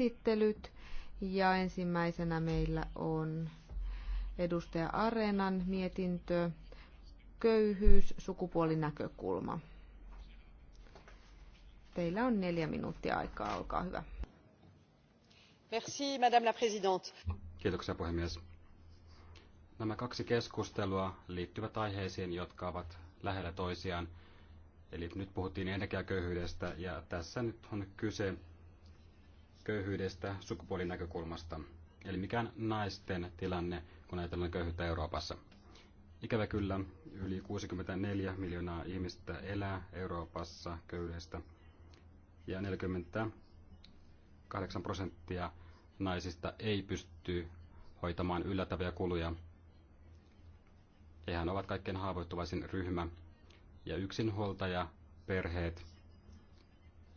esittelyt. Ja ensimmäisenä meillä on edustaja Areenan mietintö Köyhyys, sukupuolinäkökulma. Teillä on neljä minuuttia aikaa, olkaa hyvä. Merci, Madame la Présidente. Kiitoksia puhemies. Nämä kaksi keskustelua liittyvät aiheisiin, jotka ovat lähellä toisiaan. Eli nyt puhuttiin energiaköyhyydestä ja tässä nyt on kyse köyhyydestä sukupuolinäkökulmasta, eli mikään naisten tilanne, kun ajatellaan köyhyyttä Euroopassa. Ikävä kyllä, yli 64 miljoonaa ihmistä elää Euroopassa köyhyydestä, ja 48 prosenttia naisista ei pysty hoitamaan yllättäviä kuluja. Hehän ovat kaikkein haavoittuvaisin ryhmä, ja yksinhuoltaja perheet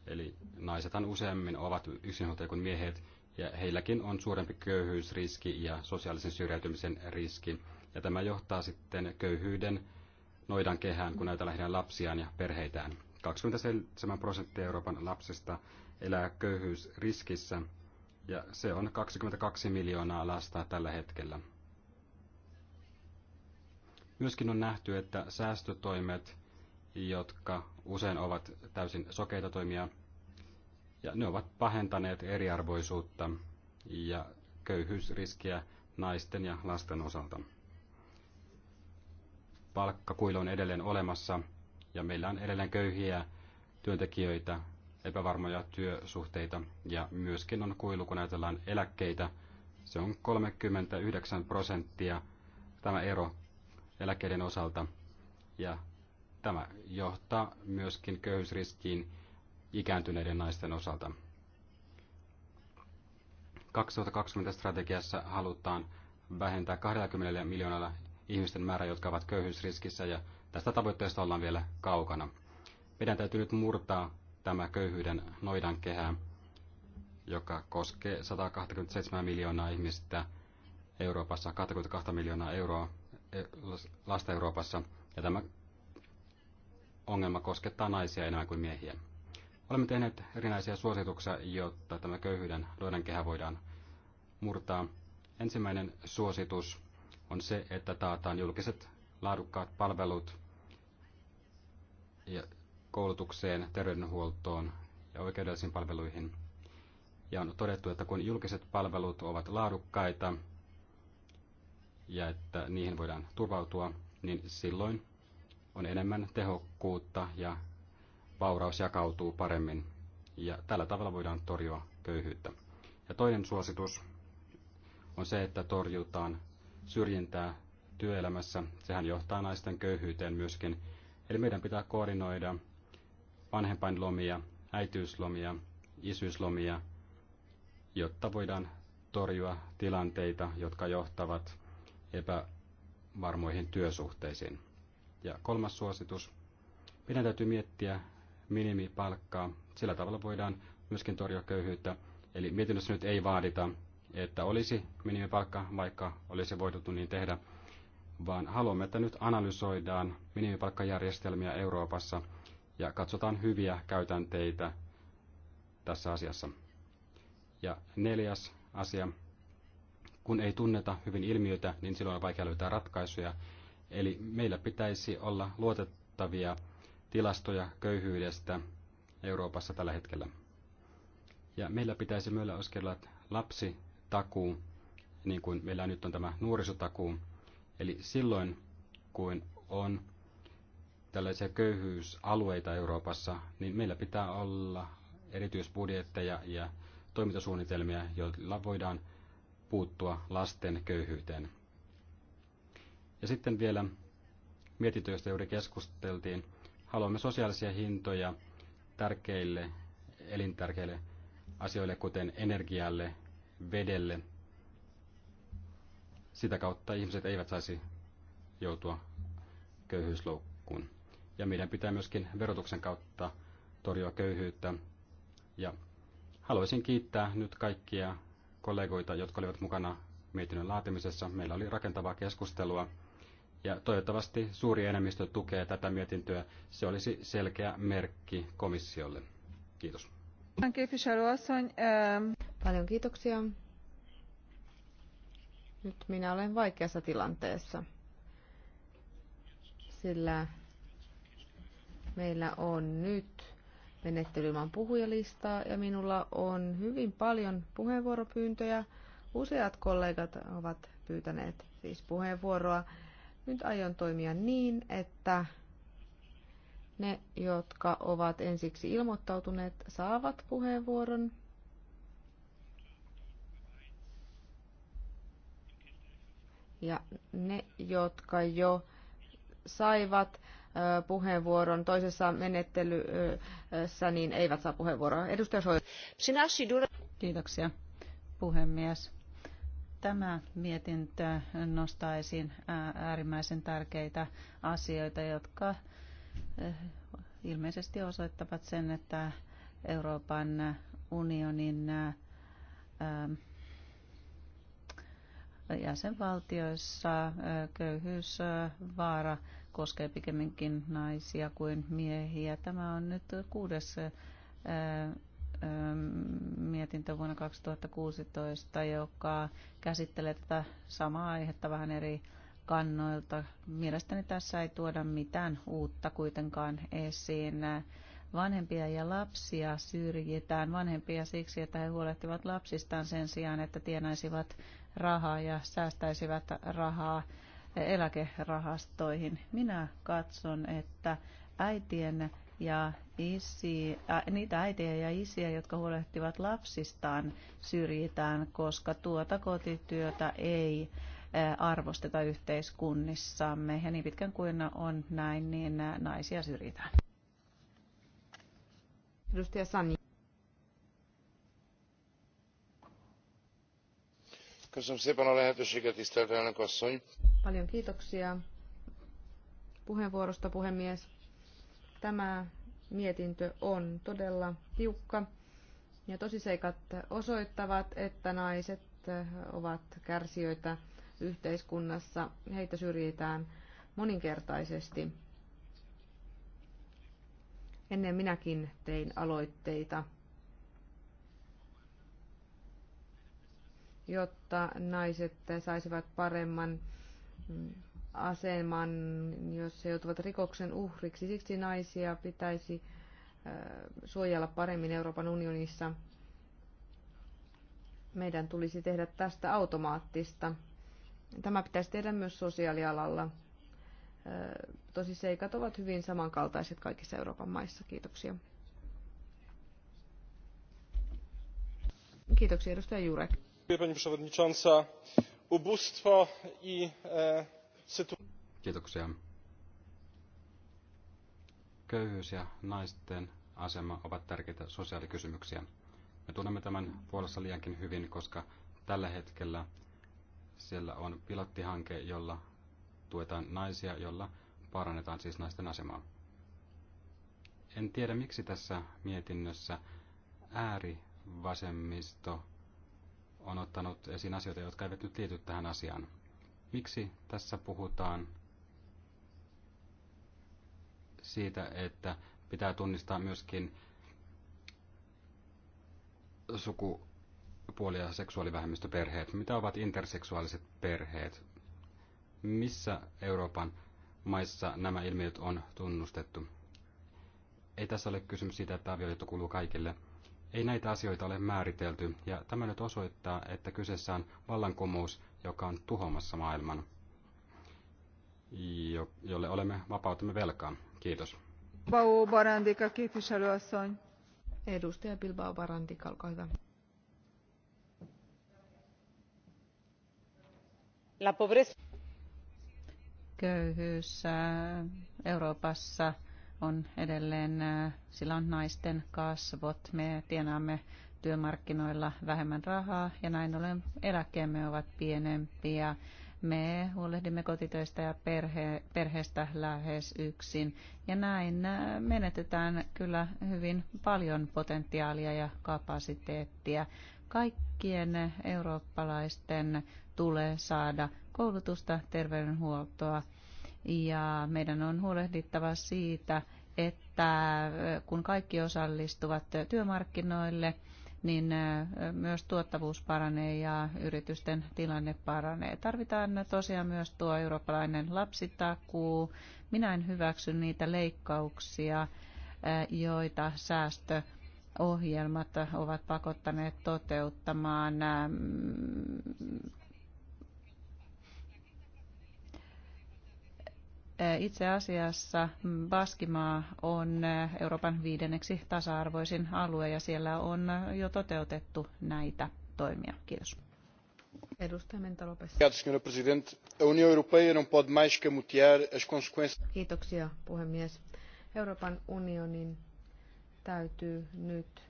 Eli naisethan useammin ovat yksinhuoltajia kuin miehet, ja heilläkin on suurempi köyhyysriski ja sosiaalisen syrjäytymisen riski. Ja tämä johtaa sitten köyhyyden noidan kehään, kun näitä lähdetään lapsiaan ja perheitään. 27 prosenttia Euroopan lapsista elää köyhyysriskissä, ja se on 22 miljoonaa lasta tällä hetkellä. Myöskin on nähty, että säästötoimet jotka usein ovat täysin sokeita toimia, ja ne ovat pahentaneet eriarvoisuutta ja köyhyysriskiä naisten ja lasten osalta. Palkkakuilu on edelleen olemassa, ja meillä on edelleen köyhiä työntekijöitä, epävarmoja työsuhteita, ja myöskin on kuilu, kun ajatellaan eläkkeitä. Se on 39 prosenttia tämä ero eläkkeiden osalta, ja Tämä johtaa myöskin köyhyysriskiin ikääntyneiden naisten osalta. 2020 strategiassa halutaan vähentää 20 miljoonalla ihmisten määrä, jotka ovat köyhyysriskissä, ja tästä tavoitteesta ollaan vielä kaukana. Meidän täytyy nyt murtaa tämä köyhyyden noidankehä, joka koskee 127 miljoonaa ihmistä Euroopassa, 22 miljoonaa euroa e, lasta Euroopassa, ja tämä ongelma koskettaa naisia enemmän kuin miehiä. Olemme tehneet erinäisiä suosituksia, jotta tämä köyhyyden kehä voidaan murtaa. Ensimmäinen suositus on se, että taataan julkiset laadukkaat palvelut ja koulutukseen, terveydenhuoltoon ja oikeudellisiin palveluihin. Ja on todettu, että kun julkiset palvelut ovat laadukkaita ja että niihin voidaan turvautua, niin silloin on enemmän tehokkuutta ja vauraus jakautuu paremmin. Ja tällä tavalla voidaan torjua köyhyyttä. Ja toinen suositus on se, että torjutaan syrjintää työelämässä. Sehän johtaa naisten köyhyyteen myöskin. Eli meidän pitää koordinoida vanhempainlomia, äitiyslomia, isyyslomia, jotta voidaan torjua tilanteita, jotka johtavat epävarmoihin työsuhteisiin. Ja kolmas suositus. Meidän täytyy miettiä minimipalkkaa. Sillä tavalla voidaan myöskin torjua köyhyyttä. Eli mietinnössä nyt ei vaadita, että olisi minimipalkka, vaikka olisi voitu niin tehdä, vaan haluamme, että nyt analysoidaan minimipalkkajärjestelmiä Euroopassa ja katsotaan hyviä käytänteitä tässä asiassa. Ja neljäs asia, kun ei tunneta hyvin ilmiötä, niin silloin on vaikea löytää ratkaisuja Eli meillä pitäisi olla luotettavia tilastoja köyhyydestä Euroopassa tällä hetkellä. Ja meillä pitäisi myöllä oskella lapsitakuu, niin kuin meillä nyt on tämä nuorisotakuu. Eli silloin, kun on tällaisia köyhyysalueita Euroopassa, niin meillä pitää olla erityisbudjetteja ja toimintasuunnitelmia, joilla voidaan puuttua lasten köyhyyteen. Ja sitten vielä mietitöistä juuri keskusteltiin. Haluamme sosiaalisia hintoja tärkeille, elintärkeille asioille, kuten energialle, vedelle. Sitä kautta ihmiset eivät saisi joutua köyhyysloukkuun. Ja meidän pitää myöskin verotuksen kautta torjua köyhyyttä. Ja haluaisin kiittää nyt kaikkia kollegoita, jotka olivat mukana mietinnön laatimisessa. Meillä oli rakentavaa keskustelua ja toivottavasti suuri enemmistö tukee tätä mietintöä. Se olisi selkeä merkki komissiolle. Kiitos. Ähm. Paljon kiitoksia. Nyt minä olen vaikeassa tilanteessa, sillä meillä on nyt menettelymän puhujalistaa ja minulla on hyvin paljon puheenvuoropyyntöjä. Useat kollegat ovat pyytäneet siis puheenvuoroa nyt aion toimia niin, että ne, jotka ovat ensiksi ilmoittautuneet, saavat puheenvuoron. Ja ne, jotka jo saivat puheenvuoron toisessa menettelyssä, niin eivät saa puheenvuoroa. Edustaja Soil. Kiitoksia, puhemies. Tämä mietintö nostaa esiin äärimmäisen tärkeitä asioita, jotka ilmeisesti osoittavat sen, että Euroopan unionin jäsenvaltioissa köyhyysvaara koskee pikemminkin naisia kuin miehiä. Tämä on nyt kuudes Ähm, mietintö vuonna 2016, joka käsittelee tätä samaa aihetta vähän eri kannoilta. Mielestäni tässä ei tuoda mitään uutta kuitenkaan esiin. Vanhempia ja lapsia syrjitään. Vanhempia siksi, että he huolehtivat lapsistaan sen sijaan, että tienaisivat rahaa ja säästäisivät rahaa eläkerahastoihin. Minä katson, että äitien ja ä, niitä äitejä ja isiä, jotka huolehtivat lapsistaan, syrjitään, koska tuota kotityötä ei arvosteta yhteiskunnissamme. Ja niin pitkän kuin on näin, niin naisia syrjitään. Edustaja Sani. Paljon kiitoksia puheenvuorosta, puhemies. Tämä mietintö on todella tiukka ja tosiseikat osoittavat, että naiset ovat kärsijöitä yhteiskunnassa. Heitä syrjitään moninkertaisesti. Ennen minäkin tein aloitteita, jotta naiset saisivat paremman mm, aseman, jos he joutuvat rikoksen uhriksi. Siksi naisia pitäisi suojella paremmin Euroopan unionissa. Meidän tulisi tehdä tästä automaattista. Tämä pitäisi tehdä myös sosiaalialalla. Tosi seikat ovat hyvin samankaltaiset kaikissa Euroopan maissa. Kiitoksia. Kiitoksia, edustaja Jurek. Pani przewodnicząca. Ubóstwo i e, Kiitoksia. Köyhyys ja naisten asema ovat tärkeitä sosiaalikysymyksiä. Me tunnemme tämän puolessa liiankin hyvin, koska tällä hetkellä siellä on pilottihanke, jolla tuetaan naisia, jolla parannetaan siis naisten asemaa. En tiedä, miksi tässä mietinnössä äärivasemmisto on ottanut esiin asioita, jotka eivät nyt liity tähän asiaan. Miksi tässä puhutaan siitä, että pitää tunnistaa myöskin sukupuoli- ja seksuaalivähemmistöperheet? Mitä ovat interseksuaaliset perheet? Missä Euroopan maissa nämä ilmiöt on tunnustettu? Ei tässä ole kysymys siitä, että avioliitto kuuluu kaikille. Ei näitä asioita ole määritelty, ja tämä nyt osoittaa, että kyseessä on vallankumous, joka on tuhoamassa maailman, jolle olemme vapautamme velkaan. Kiitos. Bilbao Barandika, képviselőasszony. Edustaja Bilbao Barandika, olkaa hyvä. La pobreza. Köyhyys äh, Euroopassa on edelleen, äh, sillä on naisten kasvot. Me tienaamme työmarkkinoilla vähemmän rahaa ja näin ollen eläkkeemme ovat pienempiä. Me huolehdimme kotitöistä ja perhe, perheestä lähes yksin ja näin äh, menetetään kyllä hyvin paljon potentiaalia ja kapasiteettia. Kaikkien eurooppalaisten tulee saada koulutusta, terveydenhuoltoa ja meidän on huolehdittava siitä, että äh, kun kaikki osallistuvat työmarkkinoille, niin myös tuottavuus paranee ja yritysten tilanne paranee. Tarvitaan tosiaan myös tuo eurooppalainen lapsitakuu. Minä en hyväksy niitä leikkauksia, joita säästö ohjelmat ovat pakottaneet toteuttamaan Itse asiassa Baskimaa on Euroopan viidenneksi tasa-arvoisin alue ja siellä on jo toteutettu näitä toimia. Kiitos. Kiitoksia puhemies. Euroopan unionin täytyy nyt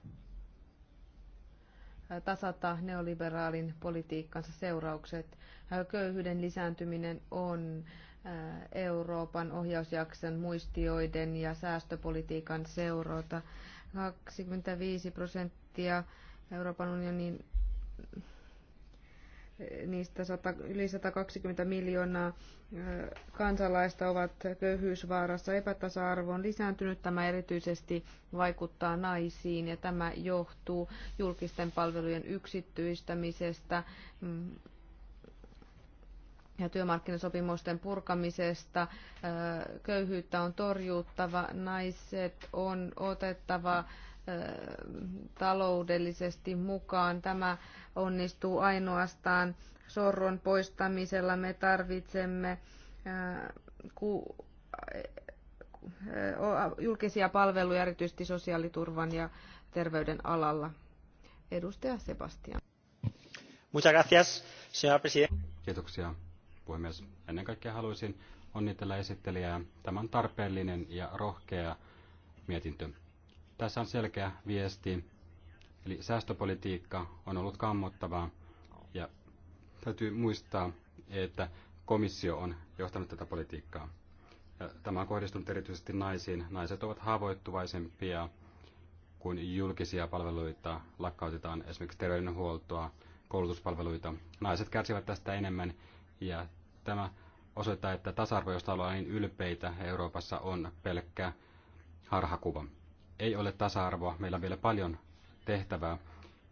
tasata neoliberaalin politiikkansa seuraukset. Köyhyyden lisääntyminen on Euroopan ohjausjakson muistioiden ja säästöpolitiikan seurota. 25 prosenttia Euroopan unionin niistä 100, yli 120 miljoonaa kansalaista ovat köyhyysvaarassa. Epätasa-arvo on lisääntynyt. Tämä erityisesti vaikuttaa naisiin ja tämä johtuu julkisten palvelujen yksityistämisestä mm, ja työmarkkinasopimusten purkamisesta. Köyhyyttä on torjuttava, naiset on otettava taloudellisesti mukaan. Tämä onnistuu ainoastaan sorron poistamisella. Me tarvitsemme julkisia palveluja, erityisesti sosiaaliturvan ja terveyden alalla. Edustaja Sebastian. Muchas gracias, señora Kiitoksia, puhemies. Ennen kaikkea haluaisin onnitella esittelijää. Tämä on tarpeellinen ja rohkea mietintö. Tässä on selkeä viesti, eli säästöpolitiikka on ollut kammottavaa ja täytyy muistaa, että komissio on johtanut tätä politiikkaa. Tämä on kohdistunut erityisesti naisiin. Naiset ovat haavoittuvaisempia, kun julkisia palveluita lakkautetaan, esimerkiksi terveydenhuoltoa, koulutuspalveluita. Naiset kärsivät tästä enemmän ja tämä osoittaa, että tasa-arvo, josta ollaan niin ylpeitä Euroopassa, on pelkkä harhakuva. Ei ole tasa-arvoa, meillä on vielä paljon tehtävää.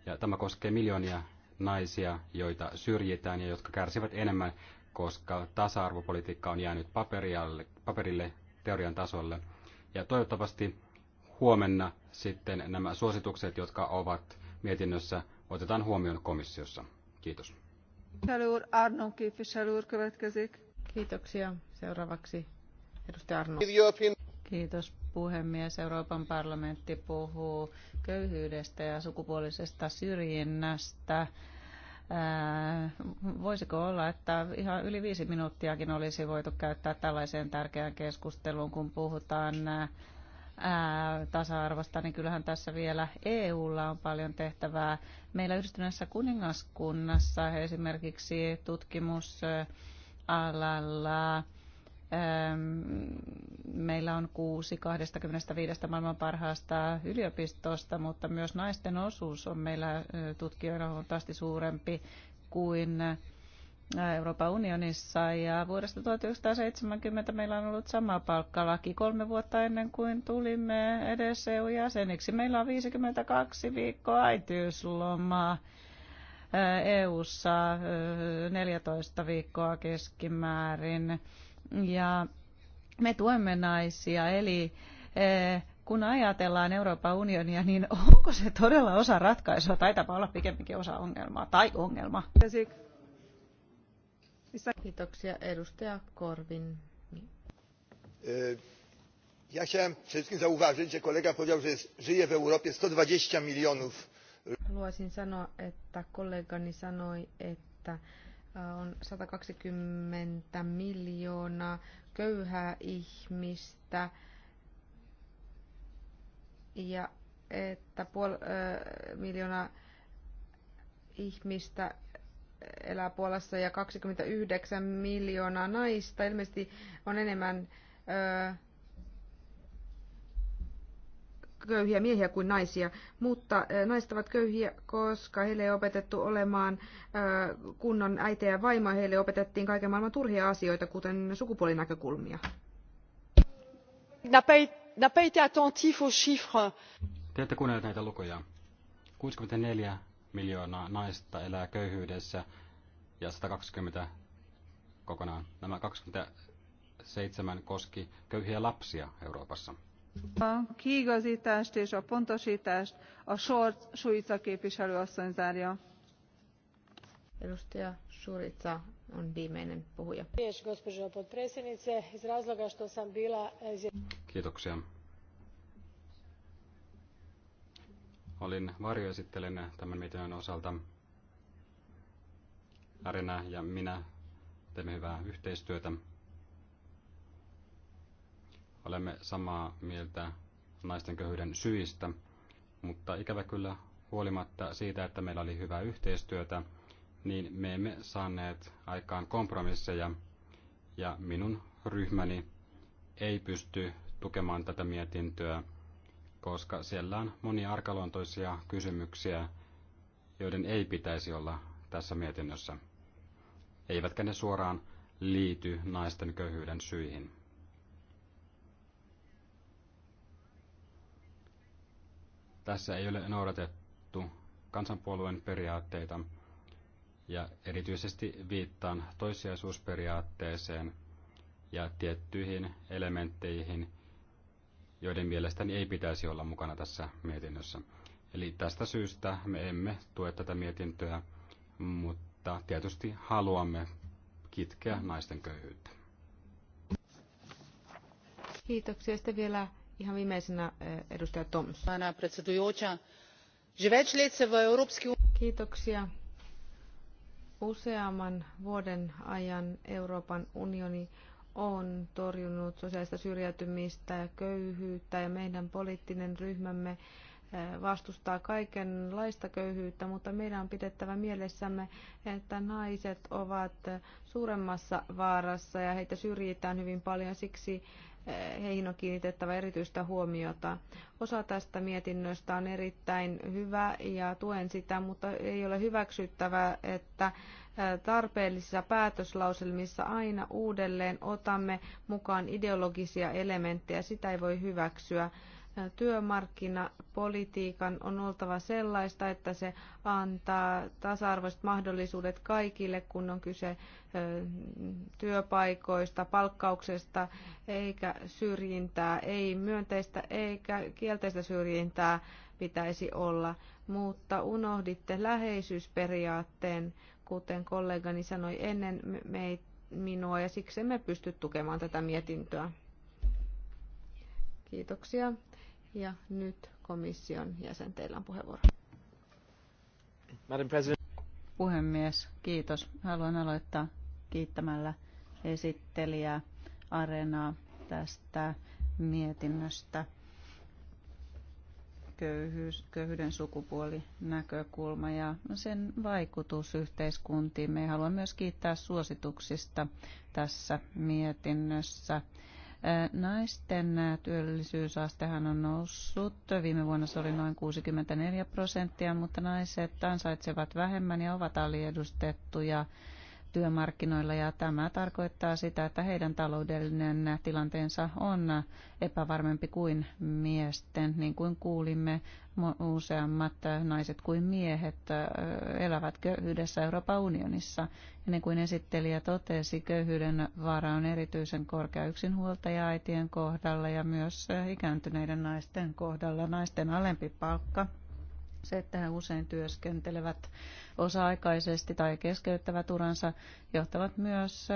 Ja tämä koskee miljoonia naisia, joita syrjitään ja jotka kärsivät enemmän, koska tasa-arvopolitiikka on jäänyt paperille, teorian tasolle. Ja toivottavasti huomenna sitten nämä suositukset, jotka ovat mietinnössä, otetaan huomioon komissiossa. Kiitos. Arnon Seuraavaksi Arno. Kiitos puhemies. Euroopan parlamentti puhuu köyhyydestä ja sukupuolisesta syrjinnästä. Voisiko olla, että ihan yli viisi minuuttiakin olisi voitu käyttää tällaiseen tärkeään keskusteluun, kun puhutaan tasa-arvosta, niin kyllähän tässä vielä EUlla on paljon tehtävää. Meillä yhdistyneessä kuningaskunnassa esimerkiksi tutkimusalalla meillä on kuusi 25 maailman parhaasta yliopistosta, mutta myös naisten osuus on meillä tutkijoina huomattavasti suurempi kuin Äh, Euroopan unionissa ja vuodesta 1970 meillä on ollut sama palkkalaki kolme vuotta ennen kuin tulimme edes EU-jäseniksi. Meillä on 52 viikkoa äitiyslomaa. Äh, eu 14 äh, viikkoa keskimäärin. Ja me tuemme naisia, eli kun ajatellaan Euroopan unionia, niin onko se todella osa ratkaisua? Taitaa olla pikemminkin osa ongelmaa tai ongelma. Kiitoksia edustaja Korvin. E, ja chciałem wszystkim zauważyć, że kolega powiedział, że żyje w Europie 120 milionów. Haluaisin sanoa, että kollegani sanoi, että on 120 miljoonaa köyhää ihmistä ja että puoli äh, miljoonaa ihmistä elää Puolassa ja 29 miljoonaa naista. Ilmeisesti on enemmän ö, köyhiä miehiä kuin naisia, mutta naiset ovat köyhiä, koska heille ei opetettu olemaan kunnon äitejä ja vaimoa. Heille opetettiin kaiken maailman turhia asioita, kuten sukupuolinäkökulmia. Te ette kuunnelleet näitä lukuja. 64 miljoonaa naista elää köyhyydessä ja 120 kokonaan. Nämä 27 koski köyhiä lapsia Euroopassa. A kiigazítást és a pontosítást a Sort Suica képviselőasszony zárja. Edustaja Surica on viimeinen puhuja. Eh, Kiitoksia Olin varjoesittelen tämän mietinnön osalta. arena ja minä teemme hyvää yhteistyötä. Olemme samaa mieltä naisten köyhyyden syistä, mutta ikävä kyllä huolimatta siitä, että meillä oli hyvää yhteistyötä, niin me emme saaneet aikaan kompromisseja ja minun ryhmäni ei pysty tukemaan tätä mietintöä koska siellä on monia arkaluontoisia kysymyksiä, joiden ei pitäisi olla tässä mietinnössä. Eivätkä ne suoraan liity naisten köyhyyden syihin. Tässä ei ole noudatettu kansanpuolueen periaatteita ja erityisesti viittaan toissijaisuusperiaatteeseen ja tiettyihin elementteihin – joiden mielestäni ei pitäisi olla mukana tässä mietinnössä. Eli tästä syystä me emme tue tätä mietintöä, mutta tietysti haluamme kitkeä naisten köyhyyttä. Kiitoksia. Sitten vielä ihan viimeisenä eh, edustaja Toms. Kiitoksia. Useamman vuoden ajan Euroopan unioni on torjunut sosiaalista syrjäytymistä ja köyhyyttä ja meidän poliittinen ryhmämme eh, vastustaa kaikenlaista köyhyyttä, mutta meidän on pidettävä mielessämme, että naiset ovat suuremmassa vaarassa ja heitä syrjitään hyvin paljon. Siksi heihin on kiinnitettävä erityistä huomiota. Osa tästä mietinnöstä on erittäin hyvä ja tuen sitä, mutta ei ole hyväksyttävää, että tarpeellisissa päätöslauselmissa aina uudelleen otamme mukaan ideologisia elementtejä. Sitä ei voi hyväksyä. Työmarkkinapolitiikan on oltava sellaista, että se antaa tasa-arvoiset mahdollisuudet kaikille, kun on kyse työpaikoista, palkkauksesta, eikä syrjintää, ei myönteistä eikä kielteistä syrjintää pitäisi olla, mutta unohditte läheisyysperiaatteen, kuten kollegani sanoi ennen meitä minua ja siksi emme pysty tukemaan tätä mietintöä. Kiitoksia. Ja nyt komission jäsen, teillä on puheenvuoro. Madam President. Puhemies, kiitos. Haluan aloittaa kiittämällä esittelijää Areenaa tästä mietinnöstä. Köyhyys, köyhyyden sukupuolinäkökulma ja sen vaikutus yhteiskuntiin. Me haluan myös kiittää suosituksista tässä mietinnössä. Naisten työllisyysastehan on noussut. Viime vuonna se oli noin 64 prosenttia, mutta naiset ansaitsevat vähemmän ja ovat aliedustettuja työmarkkinoilla ja tämä tarkoittaa sitä, että heidän taloudellinen tilanteensa on epävarmempi kuin miesten. Niin kuin kuulimme, useammat naiset kuin miehet elävät köyhyydessä Euroopan unionissa. Ennen niin kuin esittelijä totesi, köyhyyden vaara on erityisen korkea yksinhuoltaja aitien kohdalla ja myös ikääntyneiden naisten kohdalla. Naisten alempi palkka se, että he usein työskentelevät osa-aikaisesti tai keskeyttävät uransa, johtavat myös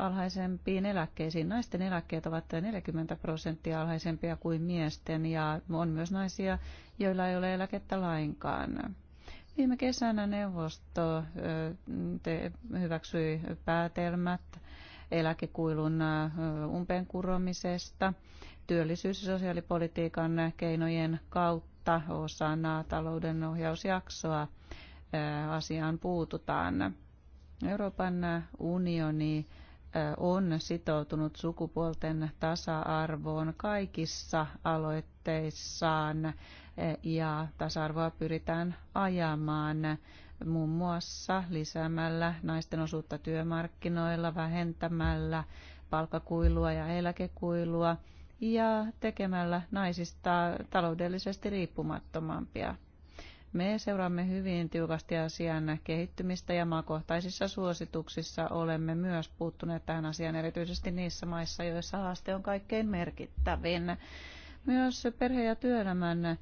alhaisempiin eläkkeisiin. Naisten eläkkeet ovat 40 prosenttia alhaisempia kuin miesten ja on myös naisia, joilla ei ole eläkettä lainkaan. Viime kesänä neuvosto hyväksyi päätelmät eläkekuilun umpeen kuromisesta työllisyys- ja sosiaalipolitiikan keinojen kautta kolmatta osana talouden ohjausjaksoa asiaan puututaan. Euroopan unioni on sitoutunut sukupuolten tasa-arvoon kaikissa aloitteissaan ja tasa-arvoa pyritään ajamaan muun muassa lisäämällä naisten osuutta työmarkkinoilla, vähentämällä palkkakuilua ja eläkekuilua – ja tekemällä naisista taloudellisesti riippumattomampia. Me seuraamme hyvin tiukasti asian kehittymistä ja maakohtaisissa suosituksissa olemme myös puuttuneet tähän asiaan erityisesti niissä maissa, joissa haaste on kaikkein merkittävin. Myös perhe- ja työelämän ö,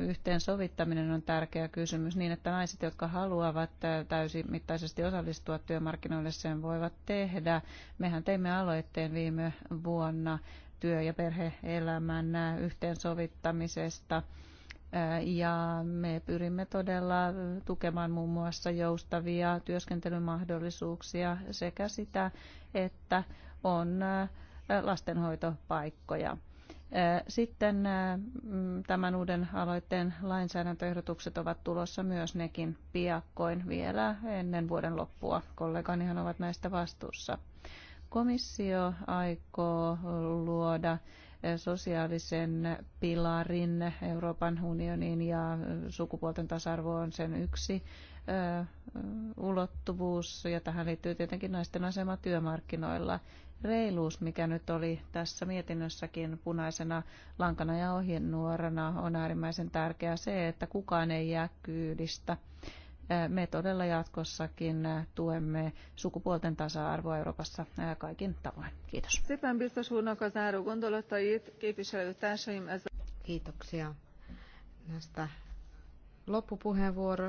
yhteensovittaminen on tärkeä kysymys niin, että naiset, jotka haluavat täysimittaisesti osallistua työmarkkinoille, sen voivat tehdä. Mehän teimme aloitteen viime vuonna työ- ja perhe-elämän yhteensovittamisesta. Ja me pyrimme todella tukemaan muun muassa joustavia työskentelymahdollisuuksia sekä sitä, että on lastenhoitopaikkoja. Sitten tämän uuden aloitteen lainsäädäntöehdotukset ovat tulossa myös nekin piakkoin vielä ennen vuoden loppua. Kolleganihan ovat näistä vastuussa komissio aikoo luoda eh, sosiaalisen pilarin Euroopan unionin ja sukupuolten tasa-arvo on sen yksi eh, ulottuvuus ja tähän liittyy tietenkin naisten asema työmarkkinoilla. Reiluus, mikä nyt oli tässä mietinnössäkin punaisena lankana ja ohjenuorana, on äärimmäisen tärkeää se, että kukaan ei jää kyydistä me todella jatkossakin tuemme sukupuolten tasa-arvoa Euroopassa kaikin tavoin. Kiitos. Kiitoksia näistä loppupuheenvuoro.